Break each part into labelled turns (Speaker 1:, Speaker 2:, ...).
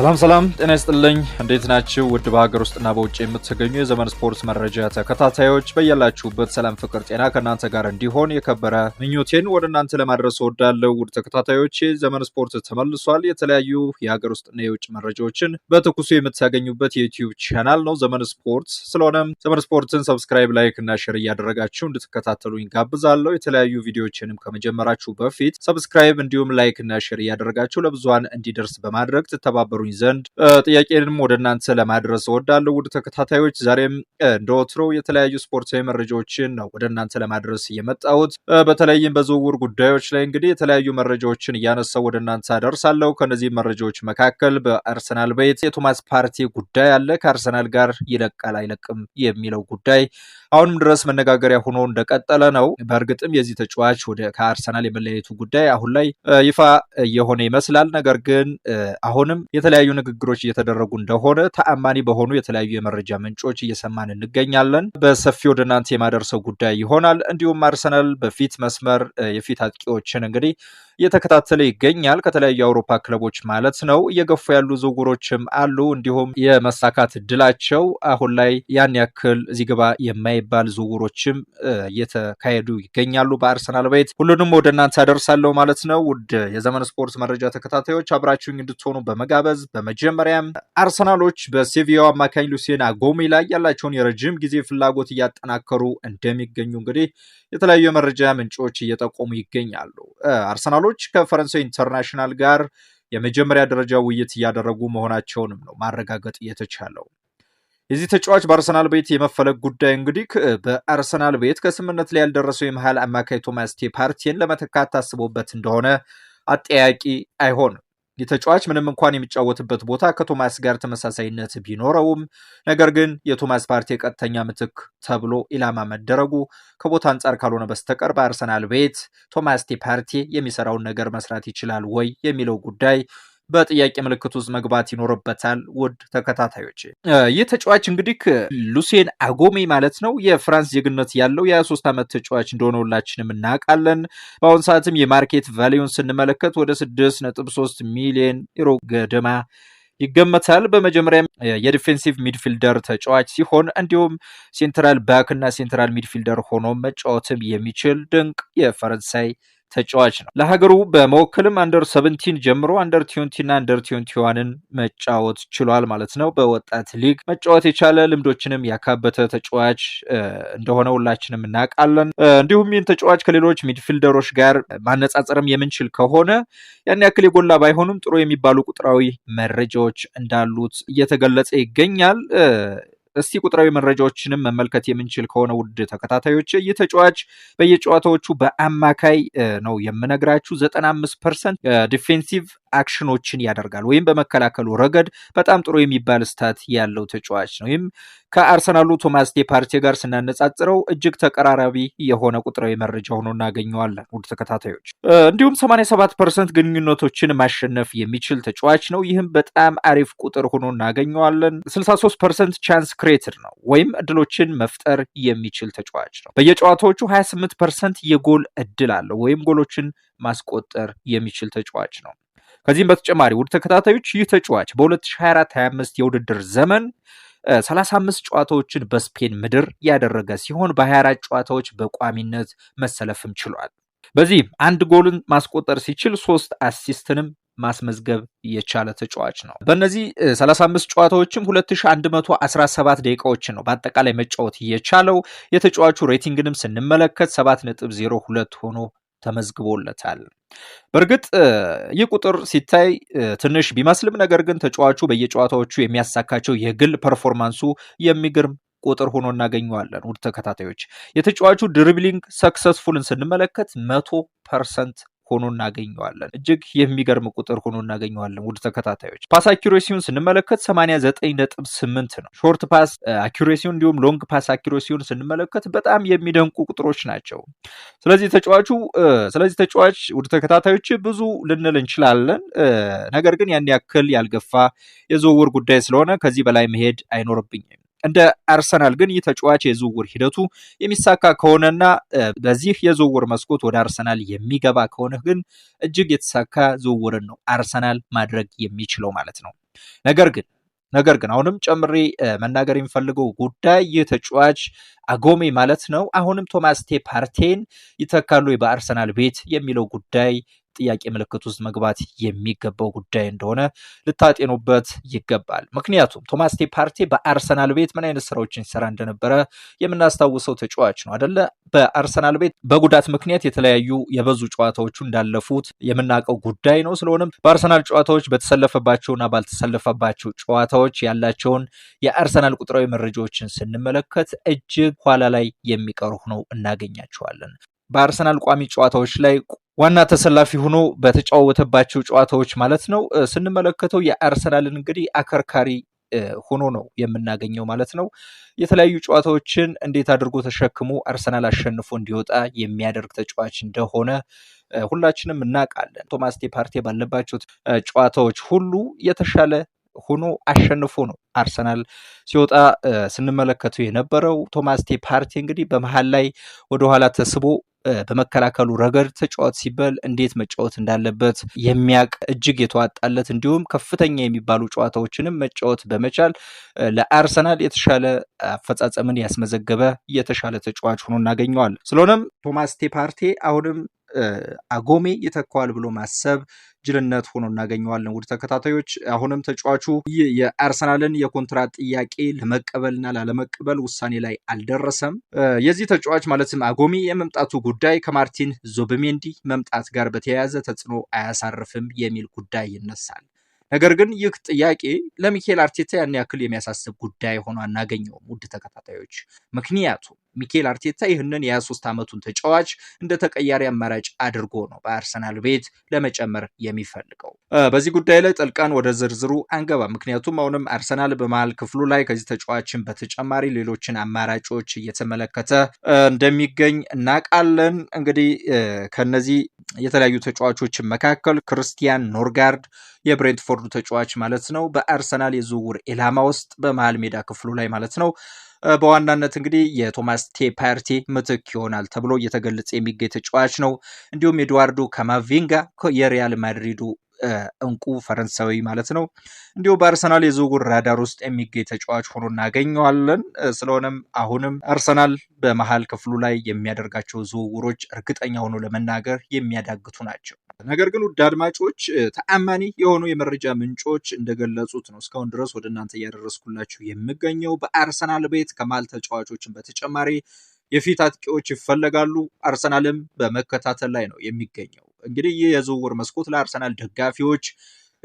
Speaker 1: ሰላም ሰላም፣ ጤና ይስጥልኝ። እንዴት ናችሁ? ውድ በሀገር ውስጥና በውጭ የምትገኙ የዘመን ስፖርት መረጃ ተከታታዮች በያላችሁበት ሰላም፣ ፍቅር፣ ጤና ከእናንተ ጋር እንዲሆን የከበረ ምኞቴን ወደ እናንተ ለማድረስ እወዳለሁ። ውድ ተከታታዮች ዘመን ስፖርት ተመልሷል። የተለያዩ የሀገር ውስጥና የውጭ መረጃዎችን በትኩሱ የምታገኙበት የዩቲዩብ ቻናል ነው ዘመን ስፖርት። ስለሆነም ዘመን ስፖርትን ሰብስክራይብ፣ ላይክ እና ሼር እያደረጋችሁ እንድትከታተሉኝ ጋብዛለሁ። የተለያዩ ቪዲዮዎችንም ከመጀመራችሁ በፊት ሰብስክራይብ እንዲሁም ላይክ እና ሼር እያደረጋችሁ ለብዙሀን እንዲደርስ በማድረግ ትተባበሩ። ታደርጉኝ ዘንድ ጥያቄንም ወደ እናንተ ለማድረስ እወዳለሁ። ውድ ተከታታዮች ዛሬም እንደወትሮ የተለያዩ ስፖርታዊ መረጃዎችን ነው ወደ እናንተ ለማድረስ የመጣሁት። በተለይም በዝውውር ጉዳዮች ላይ እንግዲህ የተለያዩ መረጃዎችን እያነሳው ወደ እናንተ አደርሳለሁ። ከነዚህ መረጃዎች መካከል በአርሰናል ቤት የቶማስ ፓርቲ ጉዳይ አለ። ከአርሰናል ጋር ይለቃል አይለቅም የሚለው ጉዳይ አሁንም ድረስ መነጋገሪያ ሆኖ እንደቀጠለ ነው። በእርግጥም የዚህ ተጫዋች ወደ ከአርሰናል የመለያየቱ ጉዳይ አሁን ላይ ይፋ የሆነ ይመስላል። ነገር ግን አሁንም የተለያዩ ንግግሮች እየተደረጉ እንደሆነ ተአማኒ በሆኑ የተለያዩ የመረጃ ምንጮች እየሰማን እንገኛለን። በሰፊ ወደ እናንተ የማደርሰው ጉዳይ ይሆናል። እንዲሁም አርሰናል በፊት መስመር የፊት አጥቂዎችን እንግዲህ እየተከታተለ ይገኛል። ከተለያዩ የአውሮፓ ክለቦች ማለት ነው። እየገፉ ያሉ ዝውውሮችም አሉ። እንዲሁም የመሳካት እድላቸው አሁን ላይ ያን ያክል እዚህ ግባ የማይባል ዝውውሮችም እየተካሄዱ ይገኛሉ። በአርሰናል ቤት ሁሉንም ወደ እናንተ ያደርሳለሁ ማለት ነው። ውድ የዘመን ስፖርት መረጃ ተከታታዮች አብራችሁኝ እንድትሆኑ በመጋበዝ በመጀመሪያም አርሰናሎች በሴቪያው አማካኝ ሉሴን አጎሚ ላይ ያላቸውን የረጅም ጊዜ ፍላጎት እያጠናከሩ እንደሚገኙ እንግዲህ የተለያዩ የመረጃ ምንጮች እየጠቆሙ ይገኛሉ። አርሰናሎች አመራሮች ከፈረንሳይ ኢንተርናሽናል ጋር የመጀመሪያ ደረጃ ውይይት እያደረጉ መሆናቸውንም ነው ማረጋገጥ የተቻለው። የዚህ ተጫዋች በአርሰናል ቤት የመፈለግ ጉዳይ እንግዲህ በአርሰናል ቤት ከስምምነት ላይ ያልደረሰው የመሀል አማካይ ቶማስ ቴ ፓርቲን ለመተካት ታስቦበት እንደሆነ አጠያቂ አይሆንም። የተጫዋች ምንም እንኳን የሚጫወትበት ቦታ ከቶማስ ጋር ተመሳሳይነት ቢኖረውም ነገር ግን የቶማስ ፓርቲ ቀጥተኛ ምትክ ተብሎ ኢላማ መደረጉ ከቦታ አንጻር ካልሆነ በስተቀር በአርሰናል ቤት ቶማስ ፓርቲ የሚሰራውን ነገር መስራት ይችላል ወይ የሚለው ጉዳይ በጥያቄ ምልክት ውስጥ መግባት ይኖርበታል። ውድ ተከታታዮች ይህ ተጫዋች እንግዲህ ሉሴን አጎሜ ማለት ነው የፍራንስ ዜግነት ያለው የ23 ዓመት ተጫዋች እንደሆነ ሁላችንም እናውቃለን። በአሁን ሰዓትም የማርኬት ቫሊዩን ስንመለከት ወደ 6.3 ሚሊዮን ዩሮ ገደማ ይገመታል። በመጀመሪያ የዲፌንሲቭ ሚድፊልደር ተጫዋች ሲሆን እንዲሁም ሴንትራል ባክ እና ሴንትራል ሚድፊልደር ሆኖ መጫወትም የሚችል ድንቅ የፈረንሳይ ተጫዋች ነው። ለሀገሩ በመወከልም አንደር ሰቨንቲን ጀምሮ አንደር ቲዮንቲና አንደር ቲዮንቲዋንን መጫወት ችሏል ማለት ነው። በወጣት ሊግ መጫወት የቻለ ልምዶችንም ያካበተ ተጫዋች እንደሆነ ሁላችንም እናውቃለን። እንዲሁም ይህን ተጫዋች ከሌሎች ሚድፊልደሮች ጋር ማነጻጸርም የምንችል ከሆነ ያን ያክል የጎላ ባይሆኑም ጥሩ የሚባሉ ቁጥራዊ መረጃዎች እንዳሉት እየተገለጸ ይገኛል። እስቲ ቁጥራዊ መረጃዎችንም መመልከት የምንችል ከሆነ ውድ ተከታታዮች የተጫዋች በየጨዋታዎቹ በአማካይ ነው የምነግራችሁ ዘጠና አምስት ፐርሰንት ዲፌንሲቭ አክሽኖችን ያደርጋል ወይም በመከላከሉ ረገድ በጣም ጥሩ የሚባል ስታት ያለው ተጫዋች ነው። ይህም ከአርሰናሉ ቶማስ ዴፓርቴ ጋር ስናነጻጽረው እጅግ ተቀራራቢ የሆነ ቁጥራዊ መረጃ ሆኖ እናገኘዋለን። ውድ ተከታታዮች እንዲሁም 87 ፐርሰንት ግንኙነቶችን ማሸነፍ የሚችል ተጫዋች ነው። ይህም በጣም አሪፍ ቁጥር ሆኖ እናገኘዋለን። 63 ፐርሰንት ቻንስ ክሬትር ነው ወይም እድሎችን መፍጠር የሚችል ተጫዋች ነው። በየጨዋታዎቹ 28 ፐርሰንት የጎል እድል አለው ወይም ጎሎችን ማስቆጠር የሚችል ተጫዋች ነው። ከዚህም በተጨማሪ ውድ ተከታታዮች ይህ ተጫዋች በ2024/25 የውድድር ዘመን 35 ጨዋታዎችን በስፔን ምድር ያደረገ ሲሆን በ24 ጨዋታዎች በቋሚነት መሰለፍም ችሏል። በዚህም አንድ ጎልን ማስቆጠር ሲችል ሶስት አሲስትንም ማስመዝገብ የቻለ ተጫዋች ነው። በእነዚህ 35 ጨዋታዎችም 2117 ደቂቃዎችን ነው በአጠቃላይ መጫወት የቻለው። የተጫዋቹ ሬቲንግንም ስንመለከት 7.02 ሆኖ ተመዝግቦለታል። በእርግጥ ይህ ቁጥር ሲታይ ትንሽ ቢመስልም ነገር ግን ተጫዋቹ በየጨዋታዎቹ የሚያሳካቸው የግል ፐርፎርማንሱ የሚገርም ቁጥር ሆኖ እናገኘዋለን። ውድ ተከታታዮች የተጫዋቹ ድሪብሊንግ ሰክሰስፉልን ስንመለከት መቶ ፐርሰንት ሆኖ እናገኘዋለን። እጅግ የሚገርም ቁጥር ሆኖ እናገኘዋለን። ውድ ተከታታዮች ፓስ አኪሬሲውን ስንመለከት 8 ነው። ሾርት ፓስ አኪሬሲውን እንዲሁም ሎንግ ፓስ አኪሬሲውን ስንመለከት በጣም የሚደንቁ ቁጥሮች ናቸው። ስለዚህ ተጫዋቹ ስለዚህ ተጫዋች ውድ ተከታታዮች ብዙ ልንል እንችላለን። ነገር ግን ያን ያክል ያልገፋ የዝውውር ጉዳይ ስለሆነ ከዚህ በላይ መሄድ አይኖርብኝም። እንደ አርሰናል ግን ይህ ተጫዋች የዝውውር ሂደቱ የሚሳካ ከሆነና በዚህ የዝውውር መስኮት ወደ አርሰናል የሚገባ ከሆነ ግን እጅግ የተሳካ ዝውውርን ነው አርሰናል ማድረግ የሚችለው ማለት ነው። ነገር ግን ነገር ግን አሁንም ጨምሬ መናገር የሚፈልገው ጉዳይ ይህ ተጫዋች አጎሜ ማለት ነው አሁንም ቶማስ ቴ ፓርቴን ይተካሉ በአርሰናል ቤት የሚለው ጉዳይ ጥያቄ ምልክት ውስጥ መግባት የሚገባው ጉዳይ እንደሆነ ልታጤኑበት ይገባል። ምክንያቱም ቶማስ ቴፓርቴ በአርሰናል ቤት ምን አይነት ስራዎችን ሲሰራ እንደነበረ የምናስታውሰው ተጫዋች ነው አደለ? በአርሰናል ቤት በጉዳት ምክንያት የተለያዩ የበዙ ጨዋታዎቹ እንዳለፉት የምናውቀው ጉዳይ ነው። ስለሆነም በአርሰናል ጨዋታዎች በተሰለፈባቸውና ባልተሰለፈባቸው ጨዋታዎች ያላቸውን የአርሰናል ቁጥራዊ መረጃዎችን ስንመለከት እጅግ ኋላ ላይ የሚቀሩ ሆነው እናገኛቸዋለን። በአርሰናል ቋሚ ጨዋታዎች ላይ ዋና ተሰላፊ ሆኖ በተጫወተባቸው ጨዋታዎች ማለት ነው ስንመለከተው የአርሰናልን እንግዲህ አከርካሪ ሆኖ ነው የምናገኘው ማለት ነው። የተለያዩ ጨዋታዎችን እንዴት አድርጎ ተሸክሞ አርሰናል አሸንፎ እንዲወጣ የሚያደርግ ተጫዋች እንደሆነ ሁላችንም እናውቃለን። ቶማስ ፓርቴ ባለባቸው ጨዋታዎች ሁሉ የተሻለ ሆኖ አሸንፎ ነው አርሰናል ሲወጣ ስንመለከቱ የነበረው። ቶማስ ፓርቲ እንግዲህ በመሀል ላይ ወደኋላ ተስቦ በመከላከሉ ረገድ ተጫዋት ሲባል እንዴት መጫወት እንዳለበት የሚያውቅ እጅግ የተዋጣለት እንዲሁም ከፍተኛ የሚባሉ ጨዋታዎችንም መጫወት በመቻል ለአርሰናል የተሻለ አፈጻጸምን ያስመዘገበ የተሻለ ተጫዋች ሆኖ እናገኘዋል። ስለሆነም ቶማስ ቴፓርቴ አሁንም አጎሜ ይተካዋል ብሎ ማሰብ ጅልነት ሆኖ እናገኘዋለን። ውድ ተከታታዮች አሁንም ተጫዋቹ የአርሰናልን የኮንትራት ጥያቄ ለመቀበልና ላለመቀበል ውሳኔ ላይ አልደረሰም። የዚህ ተጫዋች ማለትም አጎሚ የመምጣቱ ጉዳይ ከማርቲን ዞብሜንዲ መምጣት ጋር በተያያዘ ተጽዕኖ አያሳርፍም የሚል ጉዳይ ይነሳል። ነገር ግን ይህ ጥያቄ ለሚኬል አርቴታ ያን ያክል የሚያሳስብ ጉዳይ ሆኖ አናገኘውም፣ ውድ ተከታታዮች። ምክንያቱም ሚኬል አርቴታ ይህንን የ23 ዓመቱን ተጫዋች እንደ ተቀያሪ አማራጭ አድርጎ ነው በአርሰናል ቤት ለመጨመር የሚፈልገው። በዚህ ጉዳይ ላይ ጠልቀን ወደ ዝርዝሩ አንገባ፣ ምክንያቱም አሁንም አርሰናል በመሃል ክፍሉ ላይ ከዚህ ተጫዋችን በተጨማሪ ሌሎችን አማራጮች እየተመለከተ እንደሚገኝ እናውቃለን። እንግዲህ ከነዚህ የተለያዩ ተጫዋቾችን መካከል ክርስቲያን ኖርጋርድ የብሬንትፎርዱ ተጫዋች ማለት ነው በአርሰናል የዝውውር ኢላማ ውስጥ በመሃል ሜዳ ክፍሉ ላይ ማለት ነው በዋናነት እንግዲህ የቶማስ ቴ ፓርቲ ምትክ ይሆናል ተብሎ እየተገለጸ የሚገኝ ተጫዋች ነው። እንዲሁም ኤድዋርዶ ካማቪንጋ የሪያል ማድሪዱ እንቁ ፈረንሳዊ ማለት ነው። እንዲሁ በአርሰናል የዝውውር ራዳር ውስጥ የሚገኝ ተጫዋች ሆኖ እናገኘዋለን። ስለሆነም አሁንም አርሰናል በመሀል ክፍሉ ላይ የሚያደርጋቸው ዝውውሮች እርግጠኛ ሆኖ ለመናገር የሚያዳግቱ ናቸው። ነገር ግን ውድ አድማጮች ተአማኒ የሆኑ የመረጃ ምንጮች እንደገለጹት ነው እስካሁን ድረስ ወደ እናንተ እያደረስኩላችሁ የምገኘው በአርሰናል ቤት ከመሃል ተጫዋቾችን በተጨማሪ የፊት አጥቂዎች ይፈለጋሉ። አርሰናልም በመከታተል ላይ ነው የሚገኘው። እንግዲህ ይህ የዝውውር መስኮት ለአርሰናል ደጋፊዎች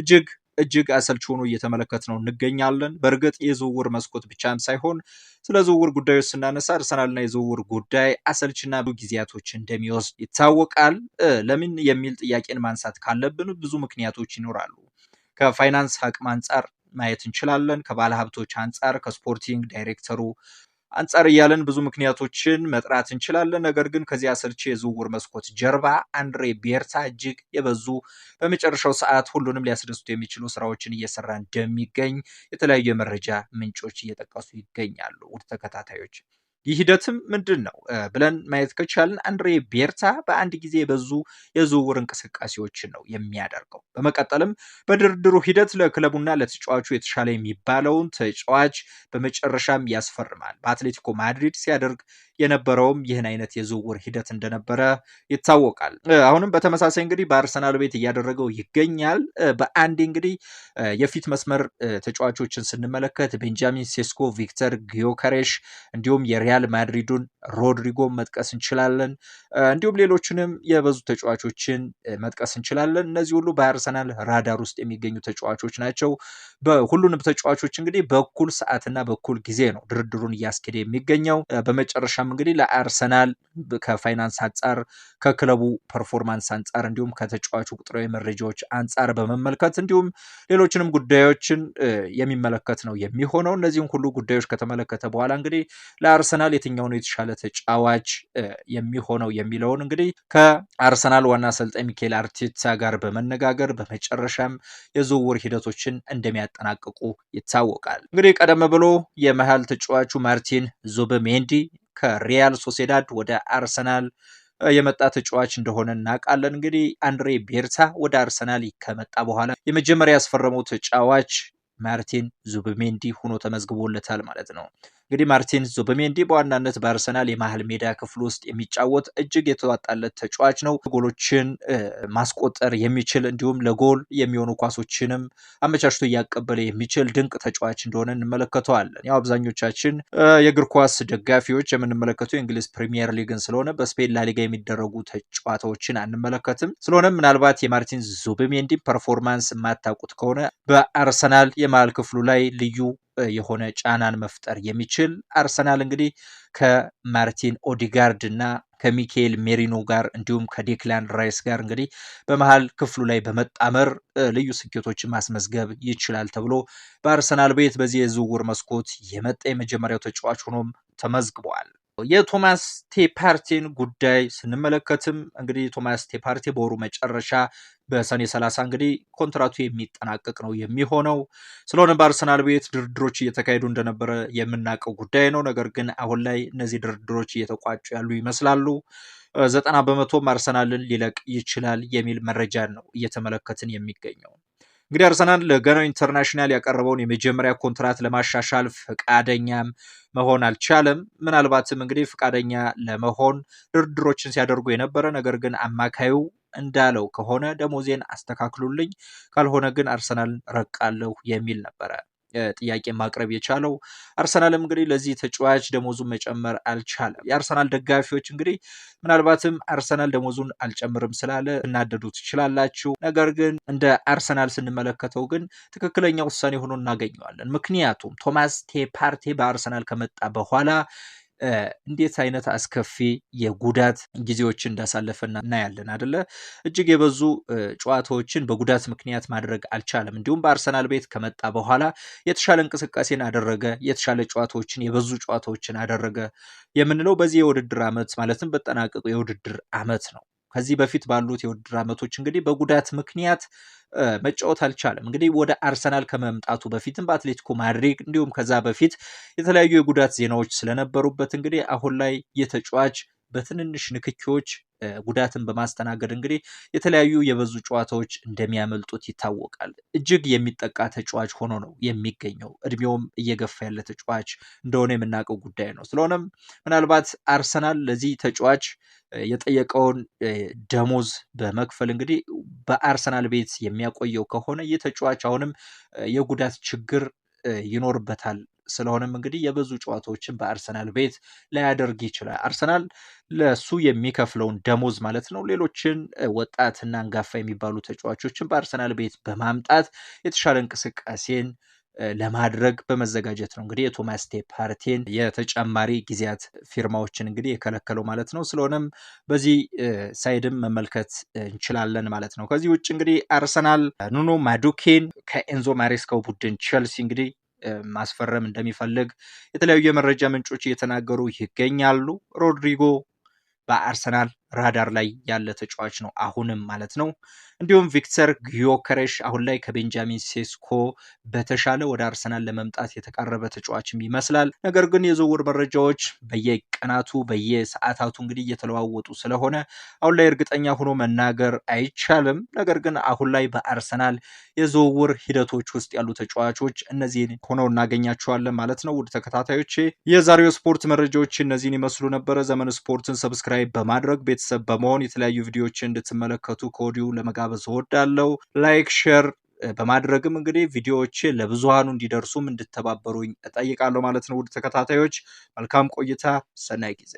Speaker 1: እጅግ እጅግ አሰልች ሆኖ እየተመለከት ነው እንገኛለን። በእርግጥ የዝውውር መስኮት ብቻም ሳይሆን ስለ ዝውውር ጉዳዮች ስናነሳ አርሰናልና የዝውውር ጉዳይ አሰልችና ብዙ ጊዜያቶች እንደሚወስድ ይታወቃል። ለምን የሚል ጥያቄን ማንሳት ካለብን ብዙ ምክንያቶች ይኖራሉ። ከፋይናንስ አቅም አንጻር ማየት እንችላለን። ከባለሀብቶች አንጻር ከስፖርቲንግ ዳይሬክተሩ አንጻር እያለን ብዙ ምክንያቶችን መጥራት እንችላለን። ነገር ግን ከዚህ አሰልቺ የዝውውር መስኮት ጀርባ አንድሬ ቤርታ እጅግ የበዙ በመጨረሻው ሰዓት ሁሉንም ሊያስደስቱ የሚችሉ ስራዎችን እየሰራ እንደሚገኝ የተለያዩ የመረጃ ምንጮች እየጠቀሱ ይገኛሉ። ውድ ተከታታዮች ይህ ሂደትም ምንድን ነው ብለን ማየት ከቻልን አንድሬ ቤርታ በአንድ ጊዜ የበዙ የዝውውር እንቅስቃሴዎችን ነው የሚያደርገው። በመቀጠልም በድርድሩ ሂደት ለክለቡና ለተጫዋቹ የተሻለ የሚባለውን ተጫዋች በመጨረሻም ያስፈርማል። በአትሌቲኮ ማድሪድ ሲያደርግ የነበረውም ይህን አይነት የዝውውር ሂደት እንደነበረ ይታወቃል። አሁንም በተመሳሳይ እንግዲህ በአርሰናል ቤት እያደረገው ይገኛል። በአንዴ እንግዲህ የፊት መስመር ተጫዋቾችን ስንመለከት ቤንጃሚን ሴስኮ፣ ቪክተር ጊዮከሬሽ እንዲሁም የሪያ ሪያል ማድሪዱን ሮድሪጎ መጥቀስ እንችላለን። እንዲሁም ሌሎችንም የበዙ ተጫዋቾችን መጥቀስ እንችላለን። እነዚህ ሁሉ በአርሰናል ራዳር ውስጥ የሚገኙ ተጫዋቾች ናቸው። በሁሉንም ተጫዋቾች እንግዲህ በኩል ሰዓትና በኩል ጊዜ ነው ድርድሩን እያስኬደ የሚገኘው። በመጨረሻም እንግዲህ ለአርሰናል ከፋይናንስ አንጻር፣ ከክለቡ ፐርፎርማንስ አንጻር እንዲሁም ከተጫዋቹ ቁጥራዊ መረጃዎች አንጻር በመመልከት እንዲሁም ሌሎችንም ጉዳዮችን የሚመለከት ነው የሚሆነው። እነዚህም ሁሉ ጉዳዮች ከተመለከተ በኋላ እንግዲህ ለአርሰናል አርሰናል የትኛው ነው የተሻለ ተጫዋች የሚሆነው የሚለውን እንግዲህ ከአርሰናል ዋና አሰልጣኝ ሚካኤል አርቴታ ጋር በመነጋገር በመጨረሻም የዝውውር ሂደቶችን እንደሚያጠናቅቁ ይታወቃል። እንግዲህ ቀደም ብሎ የመሃል ተጫዋቹ ማርቲን ዙብሜንዲ ከሪያል ሶሴዳድ ወደ አርሰናል የመጣ ተጫዋች እንደሆነ እናውቃለን። እንግዲህ አንድሬ ቤርታ ወደ አርሰናል ከመጣ በኋላ የመጀመሪያ ያስፈረመው ተጫዋች ማርቲን ዙብሜንዲ ሆኖ ተመዝግቦለታል ማለት ነው። እንግዲህ ማርቲን ዙቢሜንዲ በዋናነት በአርሰናል የመሀል ሜዳ ክፍል ውስጥ የሚጫወት እጅግ የተዋጣለት ተጫዋች ነው። ጎሎችን ማስቆጠር የሚችል እንዲሁም ለጎል የሚሆኑ ኳሶችንም አመቻችቶ እያቀበለ የሚችል ድንቅ ተጫዋች እንደሆነ እንመለከተዋለን። ያው አብዛኞቻችን የእግር ኳስ ደጋፊዎች የምንመለከተው የእንግሊዝ ፕሪሚየር ሊግን ስለሆነ በስፔን ላሊጋ የሚደረጉ ተጫዋታዎችን አንመለከትም። ስለሆነም ምናልባት የማርቲን ዙብሜንዲ ፐርፎርማንስ የማታውቁት ከሆነ በአርሰናል የመሀል ክፍሉ ላይ ልዩ የሆነ ጫናን መፍጠር የሚችል አርሰናል እንግዲህ ከማርቲን ኦዲጋርድ እና ከሚካኤል ሜሪኖ ጋር እንዲሁም ከዴክላን ራይስ ጋር እንግዲህ በመሃል ክፍሉ ላይ በመጣመር ልዩ ስኬቶችን ማስመዝገብ ይችላል ተብሎ በአርሰናል ቤት በዚህ የዝውውር መስኮት የመጣ የመጀመሪያው ተጫዋች ሆኖም ተመዝግቧል። የቶማስ ቴፓርቲን ጉዳይ ስንመለከትም እንግዲህ ቶማስ ቴፓርቲ በወሩ መጨረሻ በሰኔ 30 እንግዲህ ኮንትራቱ የሚጠናቀቅ ነው የሚሆነው። ስለሆነ በአርሰናል ቤት ድርድሮች እየተካሄዱ እንደነበረ የምናውቀው ጉዳይ ነው። ነገር ግን አሁን ላይ እነዚህ ድርድሮች እየተቋጩ ያሉ ይመስላሉ። ዘጠና በመቶም አርሰናልን ሊለቅ ይችላል የሚል መረጃ ነው እየተመለከትን የሚገኘው። እንግዲህ አርሰናል ለገናው ኢንተርናሽናል ያቀረበውን የመጀመሪያ ኮንትራት ለማሻሻል ፈቃደኛም መሆን አልቻለም። ምናልባትም እንግዲህ ፈቃደኛ ለመሆን ድርድሮችን ሲያደርጉ የነበረ ነገር ግን አማካዩ እንዳለው ከሆነ ደሞዜን አስተካክሉልኝ፣ ካልሆነ ግን አርሰናልን ረቃለሁ የሚል ነበረ። ጥያቄ ማቅረብ የቻለው። አርሰናልም እንግዲህ ለዚህ ተጫዋች ደሞዙን መጨመር አልቻለም። የአርሰናል ደጋፊዎች እንግዲህ ምናልባትም አርሰናል ደሞዙን አልጨምርም ስላለ እናደዱ ትችላላችሁ። ነገር ግን እንደ አርሰናል ስንመለከተው ግን ትክክለኛ ውሳኔ ሆኖ እናገኘዋለን። ምክንያቱም ቶማስ ቴፓርቴ በአርሰናል ከመጣ በኋላ እንዴት አይነት አስከፊ የጉዳት ጊዜዎችን እንዳሳለፈ እናያለን አደለ? እጅግ የበዙ ጨዋታዎችን በጉዳት ምክንያት ማድረግ አልቻለም። እንዲሁም በአርሰናል ቤት ከመጣ በኋላ የተሻለ እንቅስቃሴን አደረገ፣ የተሻለ ጨዋታዎችን የበዙ ጨዋታዎችን አደረገ የምንለው በዚህ የውድድር ዓመት ማለትም በጠናቀቁ የውድድር ዓመት ነው። ከዚህ በፊት ባሉት የውድድር ዓመቶች እንግዲህ በጉዳት ምክንያት መጫወት አልቻለም። እንግዲህ ወደ አርሰናል ከመምጣቱ በፊትም በአትሌቲኮ ማድሪድ እንዲሁም ከዛ በፊት የተለያዩ የጉዳት ዜናዎች ስለነበሩበት እንግዲህ አሁን ላይ የተጫዋች በትንንሽ ንክኪዎች ጉዳትን በማስተናገድ እንግዲህ የተለያዩ የበዙ ጨዋታዎች እንደሚያመልጡት ይታወቃል። እጅግ የሚጠቃ ተጫዋች ሆኖ ነው የሚገኘው። እድሜውም እየገፋ ያለ ተጫዋች እንደሆነ የምናውቀው ጉዳይ ነው። ስለሆነም ምናልባት አርሰናል ለዚህ ተጫዋች የጠየቀውን ደሞዝ በመክፈል እንግዲህ በአርሰናል ቤት የሚያቆየው ከሆነ ይህ ተጫዋች አሁንም የጉዳት ችግር ይኖርበታል ስለሆነም እንግዲህ የብዙ ጨዋታዎችን በአርሰናል ቤት ላያደርግ ይችላል። አርሰናል ለሱ የሚከፍለውን ደሞዝ ማለት ነው ሌሎችን ወጣትና አንጋፋ የሚባሉ ተጫዋቾችን በአርሰናል ቤት በማምጣት የተሻለ እንቅስቃሴን ለማድረግ በመዘጋጀት ነው እንግዲህ የቶማስ ቴፓርቴን የተጨማሪ ጊዜያት ፊርማዎችን እንግዲህ የከለከለው ማለት ነው። ስለሆነም በዚህ ሳይድም መመልከት እንችላለን ማለት ነው። ከዚህ ውጭ እንግዲህ አርሰናል ኑኖ ማዱኬን ከኤንዞ ማሬስካው ቡድን ቼልሲ እንግዲህ ማስፈረም እንደሚፈልግ የተለያዩ የመረጃ ምንጮች እየተናገሩ ይገኛሉ። ሮድሪጎ በአርሰናል ራዳር ላይ ያለ ተጫዋች ነው አሁንም ማለት ነው። እንዲሁም ቪክተር ጊዮከሬሽ አሁን ላይ ከቤንጃሚን ሴስኮ በተሻለ ወደ አርሰናል ለመምጣት የተቃረበ ተጫዋችም ይመስላል። ነገር ግን የዝውውር መረጃዎች በየቀናቱ በየሰዓታቱ እንግዲህ እየተለዋወጡ ስለሆነ አሁን ላይ እርግጠኛ ሆኖ መናገር አይቻልም። ነገር ግን አሁን ላይ በአርሰናል የዝውውር ሂደቶች ውስጥ ያሉ ተጫዋቾች እነዚህን ሆነው እናገኛቸዋለን ማለት ነው። ውድ ተከታታዮቼ የዛሬው ስፖርት መረጃዎች እነዚህን ይመስሉ ነበረ። ዘመን ስፖርትን ሰብስክራይብ በማድረግ ቤት ቤተሰብ በመሆን የተለያዩ ቪዲዮዎችን እንድትመለከቱ ከወዲሁ ለመጋበዝ እወዳለሁ። ላይክ፣ ሼር በማድረግም እንግዲህ ቪዲዮዎች ለብዙሃኑ እንዲደርሱም እንድተባበሩኝ እጠይቃለሁ ማለት ነው። ውድ ተከታታዮች መልካም ቆይታ፣ ሰናይ ጊዜ